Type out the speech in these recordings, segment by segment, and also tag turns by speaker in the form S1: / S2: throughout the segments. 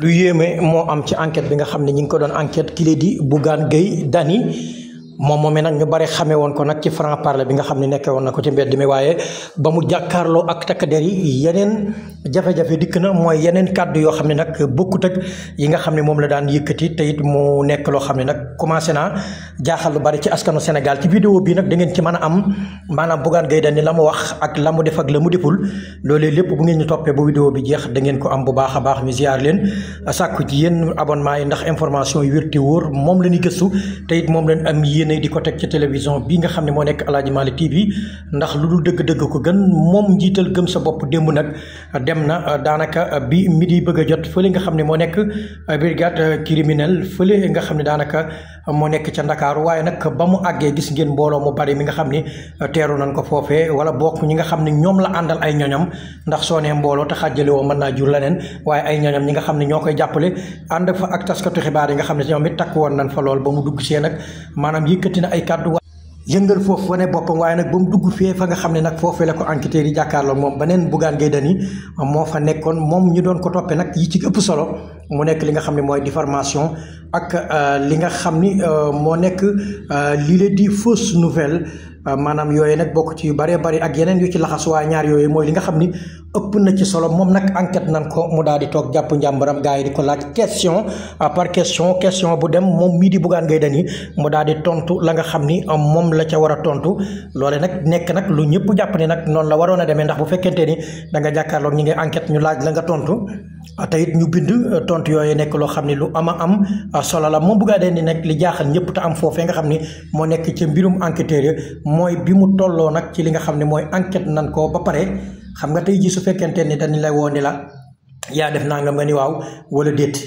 S1: lu yéeme moo am ci enquête bi nga xam ne ñi ngi ko doon enquête kii di Bougane gay Dany moom moomee nag ñu bare xamee woon ko nag ci franc parler bi nga xam ne nekkee woon ko ci mbedd ba mu jàkkaarloo ak takk der yi yeneen jafe-jafe mooy yeneen kàddu yoo xam ne nag bokkut ak yi nga xam ne moom la daan yëkkati te it mu nekk loo xam ne nag commencé naa jaaxal lu bari ci askanu Sénégal ci vidéo bi nag da ngeen ci mën a am maanaam Bougane Gueye Dany la mu wax ak la mu def ak la mu deful loolee lépp bu ngeen ñu toppee bu vidéo bi jeex da ngeen ko am bu baax a baax ñu leen sàkku ci yéen abonnement yi ndax information yu wér moom la ñu gëstu te it moom lañ am yéen génne di ko teg ci télévision bi nga xam ne moo nekk Aladji Malick TV ndax lu dul dëgg-dëgg ko gën moom njiital gëm sa bopp démb nag dem na euh, daanaka euh, bi midi bëgg a jot fële nga xam ne moo nekk euh, brigade criminelle fële nga xam ne daanaka moo nekk ca Ndakaaru waaye nag ba mu àggee gis ngeen mbooloo mu bari mi nga xam ne teeru nañ ko foofee wala bokk ñi nga xam ne ñoom la àndal ay ñoñam ndax soo nee mbooloo te xàjjale woo mën naa jur leneen waaye ay ñoñam ñi nga xam ne ñoo koy jàppale ànd fa ak taskatu xibaar yi nga xam ne ñoom it takk woon nañ fa lool ba mu dugg see nag yëkkati na ay kàddu yëngal foofu wane boppam waaye nag ba mu dugg fee fa nga xam ne nag foofee la ko enquêteurs yi jàkkaarloo moom beneen Bougane Gueye Dany moo fa nekkoon moom ñu doon ko toppee nag yi ci ëpp solo mu nekk li nga xam ne mooy diffamation ak euh, li nga xam ni euh, moo nekk euh, lii la di fausse nouvelle Euh, maanaam yooyu nag bokk ci yu bëree bëri ak yeneen yu ci laxas waa ñaar yooyu mooy li nga xam ni ëpp na ci solo moom nag enquête nan ko mu daal di toog jàpp njàmbaram gars yi di ko laaj question par question question bu dem moom mii di Bougane Gueye Dany mu daal di tontu la nga xam ni euh, moom la ca war a tontu loole nag nekk nag lu ñëpp jàpp ni nag noonu la waroon a demee ndax bu fekkente ni da nga jàkkaarloog ñi ngay enquête ñu laaj la nga tontu. Ah, te it ñu bind euh, tontu yooyu nekk loo xam ne lu ama am ah, solo la moom buggaa dee ni nag li jaaxal ñëpp te am foofee nga xam ne moo nekk ci mbirum enquêteurs mooy bi mu tolloo nag ci li nga xam ne mooy enquête nan koo ba pare xam nga tey ji su fekkente ni dañu lay woo ni la yaa def nangam nga ni waaw wala déet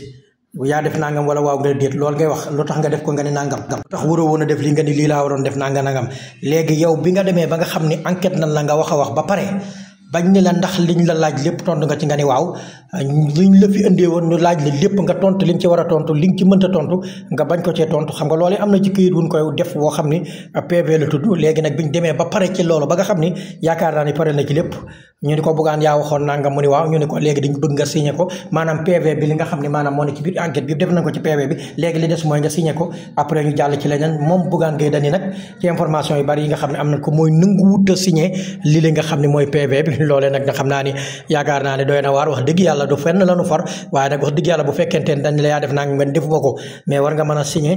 S1: yaa def nangam wala waaw nga ngay wax lu tax def ko nga ni nangam tax waroo woon a def li nga ni lii laa waroon def nangam léegi yow bi nga demee ba nga xam ni enquête nan la nga wax a wax ba pare bañ ne la ndax liñ la laaj lépp tontu nga ci nga ni waaw liñ la fi indee woon ñu laaj la lépp nga tontu liñ ci war a tontu liñ ci mënta tontu nga bañ ko cee tontu xam nga loolee am na ci këyit wuñ koy def woo xam ni PV la tudd léegi nag biñ demee ba pare ci loolu ba nga xam ni yaakaar naa ni pare na ci lépp ñu ni ko Bougane yaa waxoon nangam mu ni waaw ñu ni ko léegi dañu bëgg nga signé ko maanaam PV bi li nga xam ne maanaam moo ne ci biir enquête bi def nañ ko ci PV bi léegi li moom Bougane Gueye Dany nag ci information yu ne am na ko mooy li li nga xam ne mooy PV loolee nag xam naa ni yaakaar naa ne dooy na waar wax dëgg yàlla du fenn lanu far waaye nag wax dëgg yàlla bu fekkente ne dañ la yaa def nangam nga defuma ko mais war nga mën a signé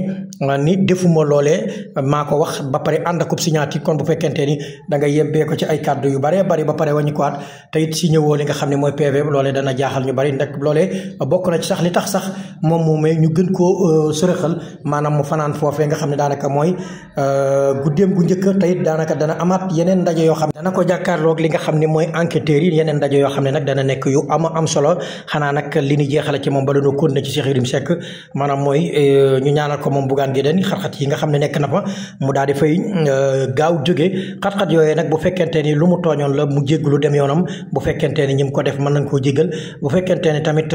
S1: ni defuma loolee maa ko wax ba pare ànd akub signature kon bu fekkente ni da nga yebbee ko ci ay kàddu yu bare bari ba pare wañu ko ñëwaat si ñëwoo li nga xam ne mooy PV loolee dana jaaxal ñu bari nag loolee bokk na ci sax li tax sax moom moom ñu gën koo euh, sërëxal maanaam mu fanaan foofee nga xam ne daanaka mooy euh, guddeem gu njëkk te it daanaka dana amaat yeneen ndaje yoo xam ne dana ko jàkkaarloog li nga xam ne mooy enquêteurs yi yeneen ndaje yoo xam ne nag dana nekk yu am solo xanaa nag li ñu jeexale ci moom ba doon kon na ci Cheikh Yérim Seck maanaam mooy euh, ñu ñaanal ko moom Bougane Gueye Dany xat-xat yi nga xam ne nekk na fa mu daal di fay gaaw jóge xat-xat yooyee nag bu fekkente ni lu mu tooñoon la mu jégglu dem yoon yoonam bu fekkente ne ñim ko def mën nañ koo jégal bu fekkente ne tamit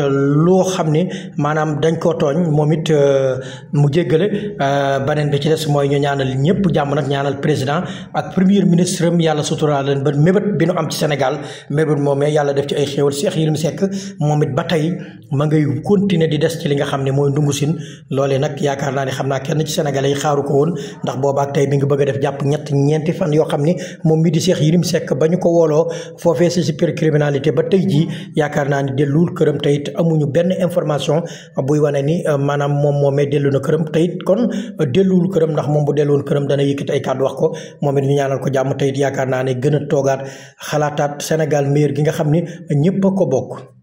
S1: loo xam ne maanaam dañ koo tooñ moom it euh, mu jéggale euh, beneen bi ci des mooy ñu ñaanal ñëpp jàmm nag ñaanal président ak premier ministre am yàlla suturaa leen ba mébét bi nu am ci Sénégal mébét moomee yàlla def ci ay xéewal Cheikh Yérim Seck moom it ba tey ma ngay continuer di des ci li nga xam ne mooy ndungu sin loolee nag yaakaar naa ne xam naa kenn ci Sénégalais yi xaaru ko woon ndax boobaak tey mi ngi bëgg def jàpp ñett ñeenti fan yoo xam ne moom mii di Cheikh Yérim Seck ba ñu ko wooloo foofu foofee si cybercriminalité ba tey jii yaakaar naa ni delluwul këram te amuñu benn information buy wane nii euh, maanaam moom moomee dellu na këram te kon euh, delluwul këram ndax moom bu delluwoon këram dana yëkkati ay kàddu wax ko moom it ñaanal ko jàmm te it yaakaar naa ne gën a toogaat xalaataat Sénégal meilleur gi nga xam ni ñëpp a ko bokk.